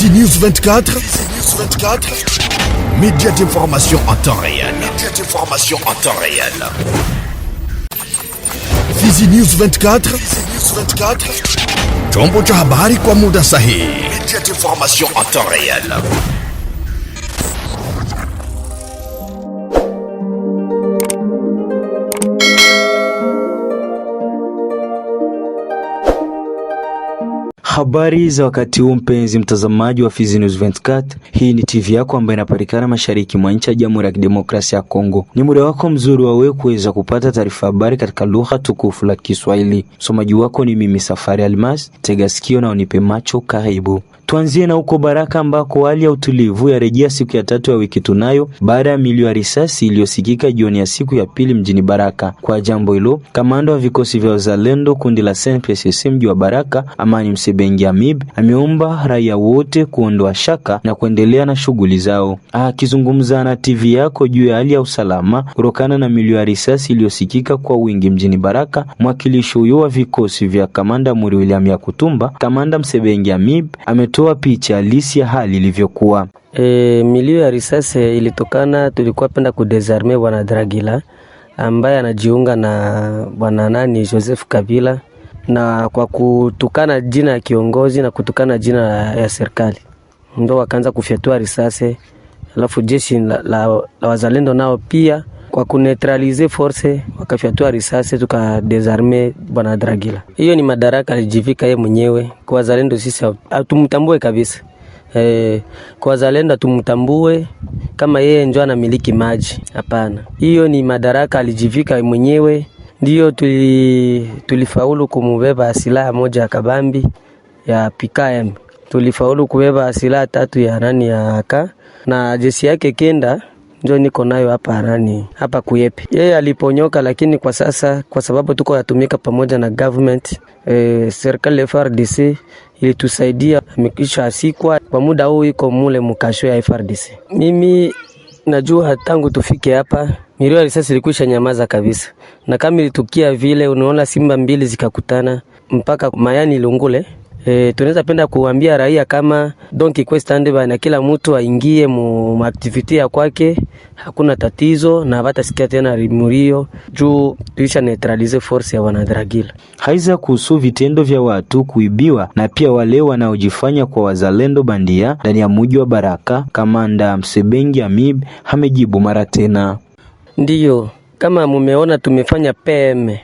Easy News 24. Easy News 24. Média d'information en temps réel. Média d'information en temps réel. Easy News 24. Easy News 24. Chombo cha habari Sahi. Média d'information en temps réel. Habari za wakati huu mpenzi mtazamaji wa Fizi News 24. Hii ni TV yako ambayo inapatikana mashariki mwa nchi ya Jamhuri ya Kidemokrasia ya Kongo. Ni muda wako mzuri wa wewe kuweza kupata taarifa habari katika lugha tukufu la Kiswahili. Msomaji wako ni mimi Safari Almas, tega sikio na unipe macho. Karibu. Tuanzie na huko Baraka ambako hali ya utulivu yarejea siku ya tatu ya wiki tunayo baada ya milio ya risasi iliyosikika jioni ya siku ya pili mjini Baraka. Kwa jambo hilo, kamanda wa vikosi vya uzalendo kundi la SNPCC mji wa Baraka, Amani Msebengi Amib, ameomba raia wote kuondoa shaka na kuendelea na shughuli zao. Akizungumza na TV yako juu ya hali ya usalama kutokana na milio ya risasi iliyosikika kwa wingi mjini Baraka, mwakilishi huyo wa vikosi vya kamanda Muri William Yakutumba, kamanda Msebengi Amib ame kutoa picha halisi ya hali ilivyokuwa. E, milio ya risasi ilitokana, tulikuwa penda kudesarme bwana Dragila ambaye anajiunga na bwana nani Joseph Kabila na kwa kutukana jina ya kiongozi na kutukana jina ya serikali, ndo wakaanza kufyatua risasi, alafu jeshi la, la, la wazalendo nao pia kwa kuneutralize force, wakafyatua risasi tukadesarme bwana Dragila. Hiyo ni madaraka alijivika yeye mwenyewe. Kwa wazalendo sisi hatumtambue kabisa. E, kwa wazalendo tumtambue kama yeye ndio anamiliki maji. Hapana, hiyo ni madaraka alijivika mwenyewe. Ndiyo tuli, tulifaulu kumubeba silaha moja ya kabambi ya PKM, tulifaulu kubeba silaha tatu ya nani ya aka na jeshi yake kenda njo niko nayo hapa harani hapa kuyepi. Yeye aliponyoka, lakini kwa sasa kwa sababu tuko yatumika pamoja na government eh, serikali ya FRDC ilitusaidia amekisha asikwa kwa muda huu iko mule mukasho ya FRDC. Mimi najua tangu tufike hapa milio ya risasi ilikwisha nyamaza kabisa, na kama ilitukia vile, unaona simba mbili zikakutana mpaka mayani ilungule E, tunaweza penda kuambia raia kama Donkey Quest ande na kila mtu aingie mu activity ya kwake, hakuna tatizo na sikia tena rimurio juu tuisha neutralize force ya wanadragila. Haiza kuhusu vitendo vya watu kuibiwa na pia wale wanaojifanya kwa wazalendo bandia ndani ya muji wa Baraka, kamanda Msebengi Amib hamejibu mara tena, ndiyo kama mumeona tumefanya PM,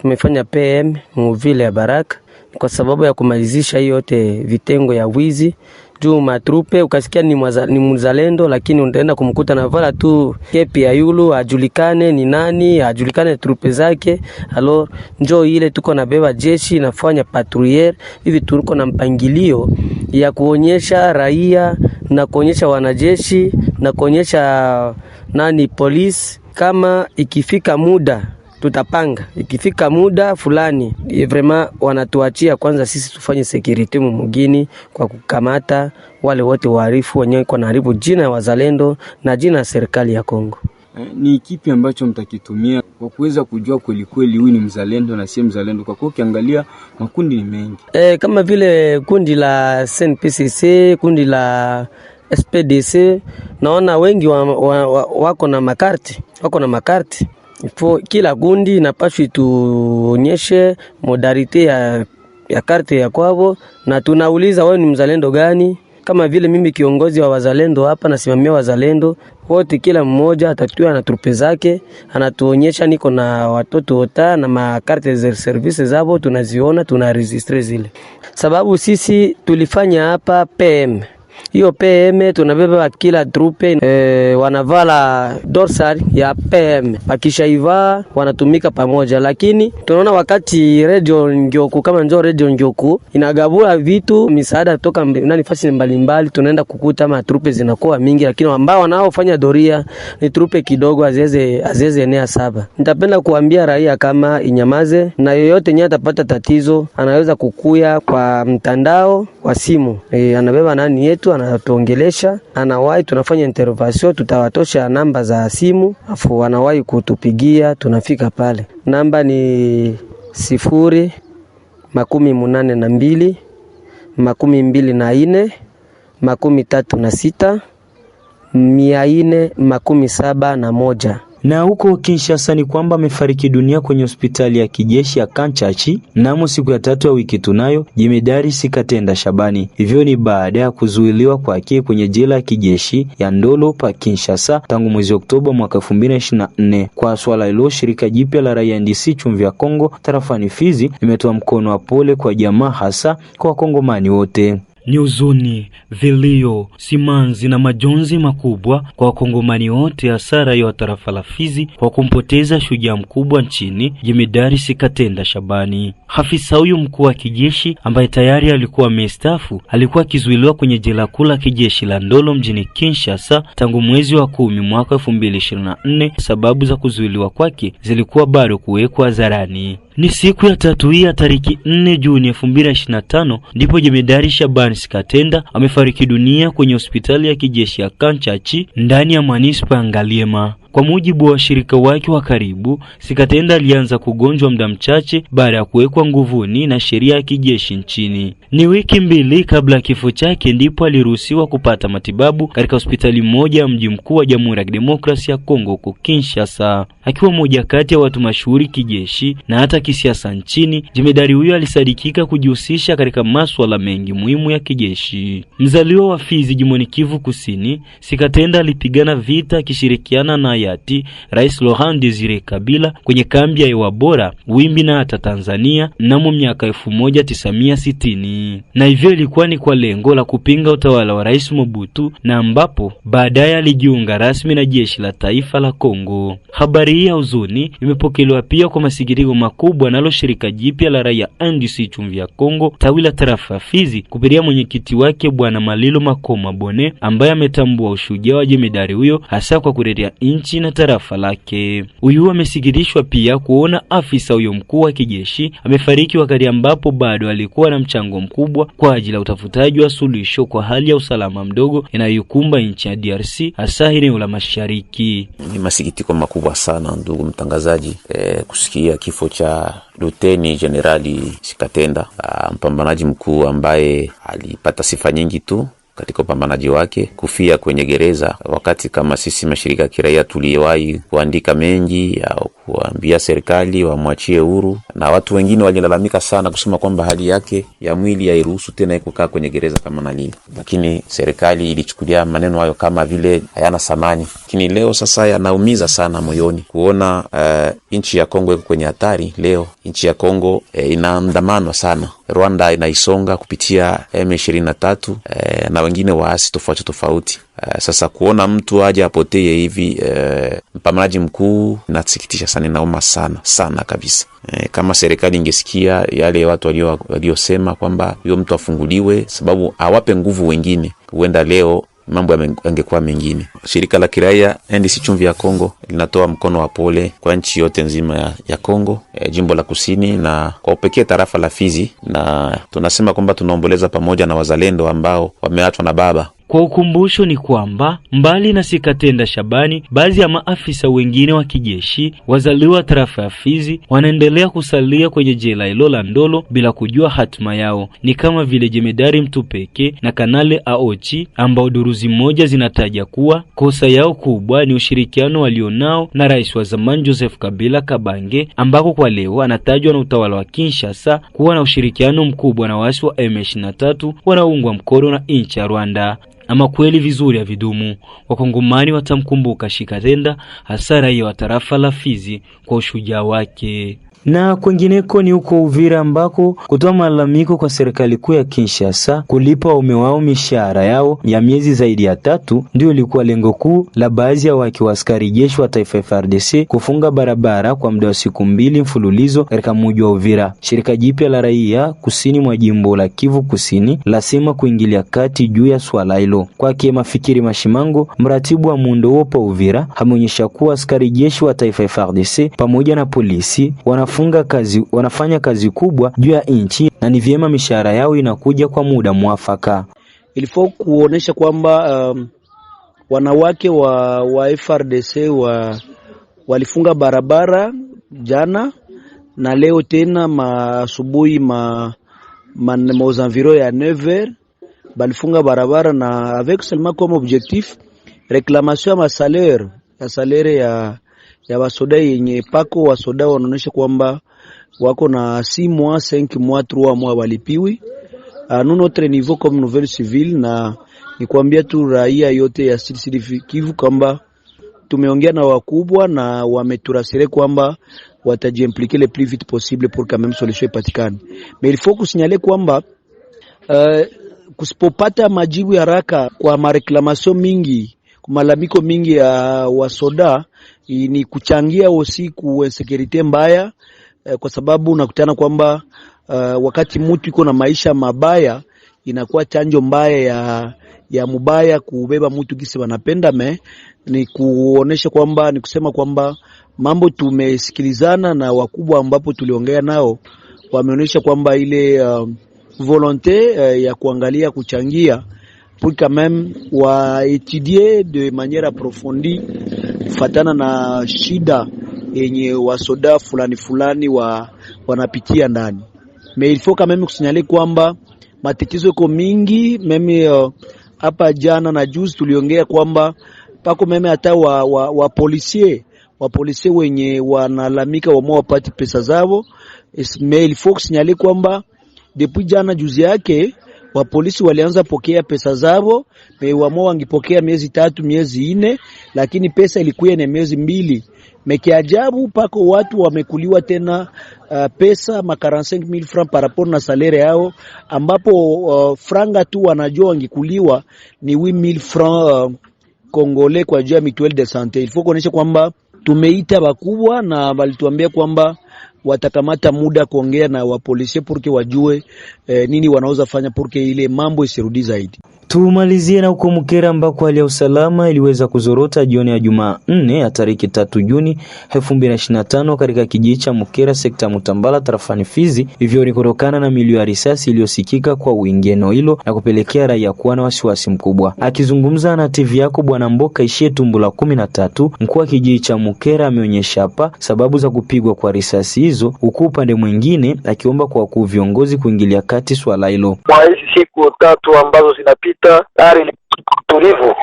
tumefanya PM mu vile ya Baraka kwa sababu ya kumalizisha hiyo yote vitengo ya wizi juu matrupe ukasikia ni, mwaza, ni mzalendo lakini utaenda kumkuta na vala tu kepi ya yulu, ajulikane ni nani, ajulikane trupe zake. Alo njo ile tuko na beba jeshi nafanya patrouiller hivi, tuko na mpangilio ya kuonyesha raia na kuonyesha wanajeshi na kuonyesha nani polisi, kama ikifika muda tutapanga ikifika muda fulani, eh, vraiment wanatuachia kwanza sisi tufanye security mumugini kwa kukamata wale wote waharifu wenyewe kwa naharibu jina ya wazalendo na jina ya serikali ya Kongo. Eh, ni kipi ambacho mtakitumia kwa kuweza kujua kweli kweli huyu ni mzalendo na si mzalendo? Kwa kuwa ukiangalia makundi ni mengi e, kama vile kundi la SNPCC, kundi la SPDC, naona wengi wa, wa, wa, wako na makarti wako na makarti Ifo, kila kundi inapaswa tuonyeshe modalite ya, ya karte ya kwavo, na tunauliza wewe ni mzalendo gani? Kama vile mimi kiongozi wa wazalendo hapa nasimamia wazalendo wote, kila mmoja atatua na trupe zake, anatuonyesha niko na watoto ota na makarte za service zao, tunaziona tunaregistre zile, sababu sisi tulifanya hapa PM hiyo PM tunabeba kila trupe e, eh, wanavala dorsal ya PM, pakisha wakishaivaa wanatumika pamoja, lakini tunaona wakati Radio ngioku kama njo Radio ngioku inagabula vitu misaada toka fasi mbalimbali, tunaenda kukuta ma trupe zinakuwa mingi, lakini ambao wanaofanya doria ni trupe kidogo, azeze azeze enea saba. Nitapenda kuambia raia kama inyamaze, na yoyote nye atapata tatizo anaweza kukuya kwa mtandao wa simu e, anabeba nani yetu wanatuongelesha, anawahi tunafanya intervention, tutawatosha namba za simu, afu wanawahi kutupigia, tunafika pale. Namba ni sifuri makumi munane na mbili makumi mbili na ine makumi tatu na sita mia ine makumi saba na moja. Na huko Kinshasa ni kwamba amefariki dunia kwenye hospitali ya kijeshi ya Kanchachi mnamo siku ya tatu ya wiki tunayo, jemedari Sikatenda Shabani. Hivyo ni baada ya kuzuiliwa kwake kwenye jela ya kijeshi ya Ndolo pa Kinshasa tangu mwezi Oktoba mwaka 2024. Kwa swala hilo, shirika jipya la raia NDC Chumvi ya Kongo tarafani Fizi limetoa mkono wa pole kwa jamaa, hasa kwa wakongomani wote ni huzuni, vilio, simanzi na majonzi makubwa kwa wakongomani wote, hasara ya tarafa la Fizi kwa kumpoteza shujaa mkubwa nchini, jemedari Sikatenda Shabani. Afisa huyu mkuu wa kijeshi ambaye tayari alikuwa amestaafu alikuwa akizuiliwa kwenye jela kuu la kijeshi la Ndolo mjini Kinshasa tangu mwezi wa kumi mwaka 2024. Sababu za kuzuiliwa kwake zilikuwa bado kuwekwa hadharani. Ni siku ya tatu hii ya tariki 4 Juni 2025 ndipo jemedari Shaban Sikatenda amefariki dunia kwenye hospitali ya kijeshi ya Kanchachi ndani ya manispa ya Ngaliema. Kwa mujibu wa washirika wake wa karibu, Sikatenda alianza kugonjwa muda mchache baada ya kuwekwa nguvuni na sheria ya kijeshi nchini. Ni wiki mbili kabla ya kifo chake ndipo aliruhusiwa kupata matibabu katika hospitali moja ya mji mkuu wa Jamhuri ya Kidemokrasia ya Kongo huko Kinshasa. Akiwa mmoja kati ya watu mashuhuri kijeshi na hata kisiasa nchini, jemedari huyo alisadikika kujihusisha katika masuala mengi muhimu ya kijeshi. Mzaliwa wa Fizi, jimboni Kivu Kusini, Sikatenda alipigana vita akishirikiana na ati Rais Laurent Desire Kabila kwenye kambi ya Iwabora na hata Tanzania mnamo miaka elfu moja tisamia sitini na hivyo ilikuwa ni kwa lengo la kupinga utawala wa Rais Mobutu, na ambapo baadaye alijiunga rasmi na jeshi la taifa la Kongo. Habari hii ya huzuni imepokelewa pia kwa masikitiko makubwa nalo shirika jipya la raia NDC Chumvi ya Kongo tawi la tarafa Fizi kupitia mwenyekiti wake Bwana Malilo Makoma Bone ambaye ametambua ushujaa wa jemedari huyo hasa kwa kutetea nchi na tarafa lake. Huyu amesikitishwa pia kuona afisa huyo mkuu wa kijeshi amefariki wakati ambapo bado alikuwa na mchango mkubwa kwa ajili ya utafutaji wa suluhisho kwa hali ya usalama mdogo inayokumba nchi ya DRC hasa eneo la mashariki. Ni masikitiko makubwa sana ndugu mtangazaji, e, kusikia kifo cha Luteni Jenerali Shikatenda, ah, mpambanaji mkuu ambaye alipata sifa nyingi tu katika upambanaji wake, kufia kwenye gereza, wakati kama sisi mashirika ya kiraia tuliwahi kuandika mengi ya kuambia serikali wamwachie huru, na watu wengine walilalamika sana kusema kwamba hali yake ya mwili hairuhusu tena kukaa kwenye gereza kama na lile, lakini serikali ilichukulia maneno hayo kama vile hayana thamani. Lakini leo sasa yanaumiza sana moyoni kuona uh, nchi ya Kongo iko kwenye hatari. Leo nchi ya Kongo eh, inaandamanwa sana Rwanda inaisonga kupitia M23 eh, na wengine waasi tofauti tofauti. Eh, sasa kuona mtu aje apotee hivi uh, mpambanaji mkuu, nasikitisha sana, inauma sana sana kabisa. Eh, kama serikali ingesikia yale watu waliosema kwamba huyo mtu afunguliwe, sababu awape nguvu wengine, huenda leo mambo yangekuwa mengine. Shirika la kiraia NDC Chumvi ya congo linatoa mkono wa pole kwa nchi yote nzima ya, ya Kongo e, jimbo la Kusini na kwa upekee tarafa la Fizi, na tunasema kwamba tunaomboleza pamoja na wazalendo ambao wameachwa na baba kwa ukumbusho ni kwamba mbali na Sikatenda Shabani, baadhi ya maafisa wengine wa kijeshi wazaliwa tarafa ya Fizi wanaendelea kusalia kwenye jela hilo la Ndolo bila kujua hatima yao, ni kama vile jemedari mtu peke na kanale Aochi, ambao duruzi moja zinataja kuwa kosa yao kubwa ni ushirikiano walio nao na rais wa zamani Joseph Kabila Kabange, ambako kwa leo anatajwa na utawala wa Kinshasa kuwa na ushirikiano mkubwa na waasi wa M23 wanaoungwa mkono na nchi ya Rwanda. Ama kweli vizuri ya vidumu, wakongomani watamkumbuka Shikatenda, hasa raia wa tarafa la Fizi kwa ushujaa wake. Na kwengineko ni huko Uvira ambako kutoa malalamiko kwa serikali kuu ya Kinshasa kulipa waume wao mishahara yao ya miezi zaidi ya tatu, ndio ilikuwa lengo kuu la baadhi ya wake wa askari jeshi wa taifa frdc kufunga barabara kwa muda wa siku mbili mfululizo katika mji wa Uvira. Shirika jipya la raia kusini mwa jimbo la Kivu Kusini lasema kuingilia kati juu ya swala hilo. Kwake Mafikiri Mashimango, mratibu wa muundo huo pa Uvira, ameonyesha kuwa askari jeshi wa taifa FRDC pamoja na polisi wana wanafunga kazi, wanafanya kazi kubwa juu ya nchi na ni vyema mishahara yao inakuja kwa muda mwafaka. Ilifaa kuonesha kwamba um, wanawake wa, wa FRDC wa, walifunga barabara jana na leo tena maasubuhi ma, ma, ya 9h balifunga barabara na avec seulement comme objectif reclamation ya salaire ya salaire ya ya wasodai yenye pako wasodai wanaonyesha kwamba wako na simu mois 5 mois 3 mois walipiwi ah, nous notre niveau comme nouvelle civile, na nikwambia tu raia yote ya Sud Kivu kwamba tumeongea na wakubwa na wameturasire kwamba watajiimplike le plus vite possible pour quand même solution ipatikane, mais il faut kusinyale kwamba uh, kusipopata majibu ya haraka kwa mareklamasio mingi, malalamiko mingi ya wasoda ni kuchangia osi kusekurite mbaya eh, kwa sababu unakutana kwamba uh, wakati mtu iko na maisha mabaya inakuwa chanjo mbaya ya, ya mubaya kubeba mtu kisi wanapenda me ni kuonesha kwamba ni kusema kwamba mambo tumesikilizana na wakubwa ambapo tuliongea nao wameonyesha kwamba ile uh, volonte uh, ya kuangalia kuchangia pour quand même waetudie de manière approfondie kufatana na shida yenye wasoda fulani fulani wa, wanapitia ndani meilfoka meme kusinyali kwamba matatizo iko mingi meme uh, hapa. Uh, jana na juzi tuliongea kwamba pako meme hata wa, wa, wa polisie wa polisie wenye wanalamika wamo wapati pesa zao. Fox nyali kwamba depuis jana juzi yake wa polisi walianza pokea pesa zao mewamo, wangipokea miezi tatu miezi ine, lakini pesa ilikuwa ni miezi mbili. Mekiajabu pako watu wamekuliwa tena uh, pesa ma 45000 francs par rapport na salaire yao, ambapo uh, franga tu wanajua wangikuliwa ni 8000 francs uh, kongole kwa ajili ya mutuelle de sante. Il faut kuonesha kwamba tumeita bakubwa na walituambia kwamba watakamata muda kuongea na wapolisie purke wajue eh, nini wanaweza fanya purke ile mambo isirudi zaidi. Tumalizie na huko Mkera ambako hali ya usalama iliweza kuzorota jioni ya Jumaa nne ya tariki 3 Juni 2025 katika kijiji cha Mkera sekta ya Mutambala tarafani Fizi. Hivyo ni kutokana na milio ya risasi iliyosikika kwa wingi eneo hilo na kupelekea raia kuwa na wasiwasi mkubwa. Akizungumza na TV yako Bwana Mboka ishie tumbo la kumi na tatu, mkuu wa kijiji cha Mkera ameonyesha hapa sababu za kupigwa kwa risasi hizo hizo, huku upande mwingine akiomba kwa wakuu viongozi kuingilia kati swala hilo. Kwa hizi siku tatu ambazo zinapita, gari tulivu,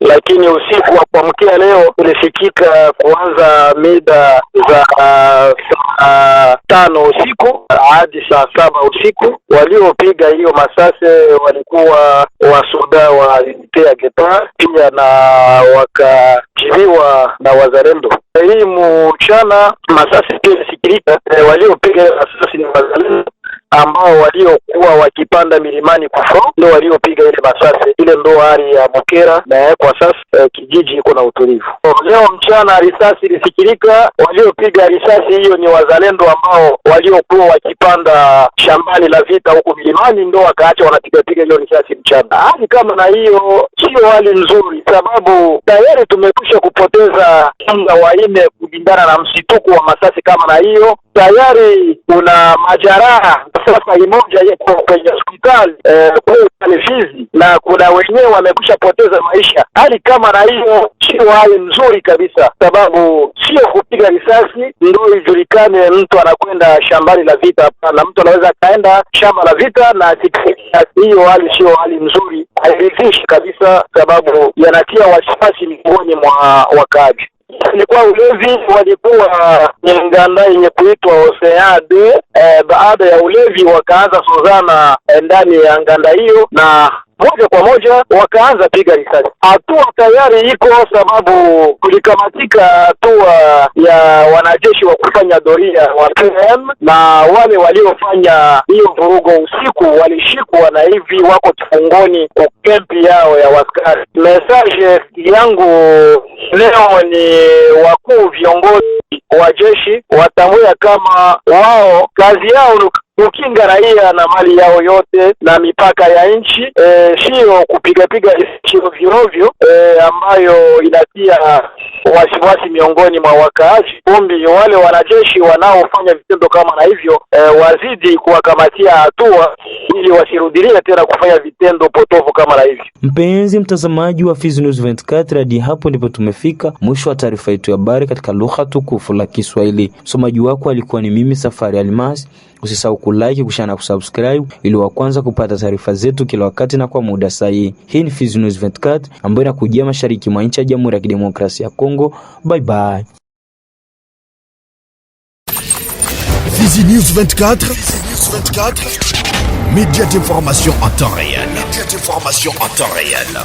lakini usiku wa kuamkia leo ulisikika kuanza mida za uh, saa uh, tano usiku hadi saa saba usiku. Waliopiga hiyo masase walikuwa wasuda wa unite ya pia na wakajibiwa na wazalendo. Hii mchana masase pia ilisikilika, eh, waliopiga hiyo masasi ni wazalendo ambao waliokuwa wakipanda milimani kufo ndio waliopiga ile masasi ile, ndo hali ya Bukera na kwa sasa eh, kijiji iko na utulivu. Leo mchana risasi ilisikilika, waliopiga risasi hiyo ni wazalendo ambao waliokuwa wakipanda shambani la vita huko milimani, ndo wakaacha wanapigapiga hiyo risasi mchana. Hali kama na hiyo sio hali nzuri, sababu tayari tumekwisha kupoteza tanga waine kulingana na msituko wa masasi kama na hiyo, tayari kuna majaraha sasa imoja kwenye hospitali kuu ni Fizi, na kuna wenyewe wamekwisha poteza maisha. Hali kama na hiyo sio hali nzuri kabisa, sababu sio kupiga risasi ndio ijulikane mtu anakwenda shambani la vita. Hapana, mtu anaweza akaenda shamba la vita na hiyo hali sio hali nzuri, hairidhishi kabisa, sababu yanatia wasiwasi miongoni mwa wakaaji ilikuwa ulevi walikuwa ni nganda yenye kuitwa Osead. eh, baada ya ulevi wakaanza suzana eh, ndani ya nganda hiyo na moja kwa moja wakaanza piga risasi. Hatua tayari iko, sababu kulikamatika hatua ya wanajeshi wa kufanya doria wa PM, na wale waliofanya hiyo vurugo usiku walishikwa na hivi wako kifungoni kwa kempi yao ya waskari. Message yangu leo ni wakuu viongozi wa jeshi watambua kama wao kazi yao kukinga raia na mali yao yote na mipaka ya nchi, e, siyo kupigapiga nchi ovyoovyo e, ambayo inatia wasiwasi miongoni mwa wakaazi. kumbi wale wanajeshi wanaofanya vitendo kama na hivyo e, wazidi kuwakamatia hatua ili wasirudilie tena kufanya vitendo potofu kama na hivyo. Mpenzi mtazamaji wa Fizi News 24, hadi hapo ndipo tumefika mwisho wa taarifa yetu ya habari katika lugha tukufu la Kiswahili. Msomaji wako alikuwa ni mimi Safari Almas. Usisahau kulike, kushare na kusubscribe ili wa kwanza kupata taarifa zetu kila wakati na kwa muda sahihi. Hii ni Fizi News 24 ambayo inakujia mashariki mwa nchi ya Jamhuri ya Kidemokrasia ya Kongo. Bye bye. Fizi News 24. Fizi 24. Média d'information en temps réel. Média d'information en temps réel.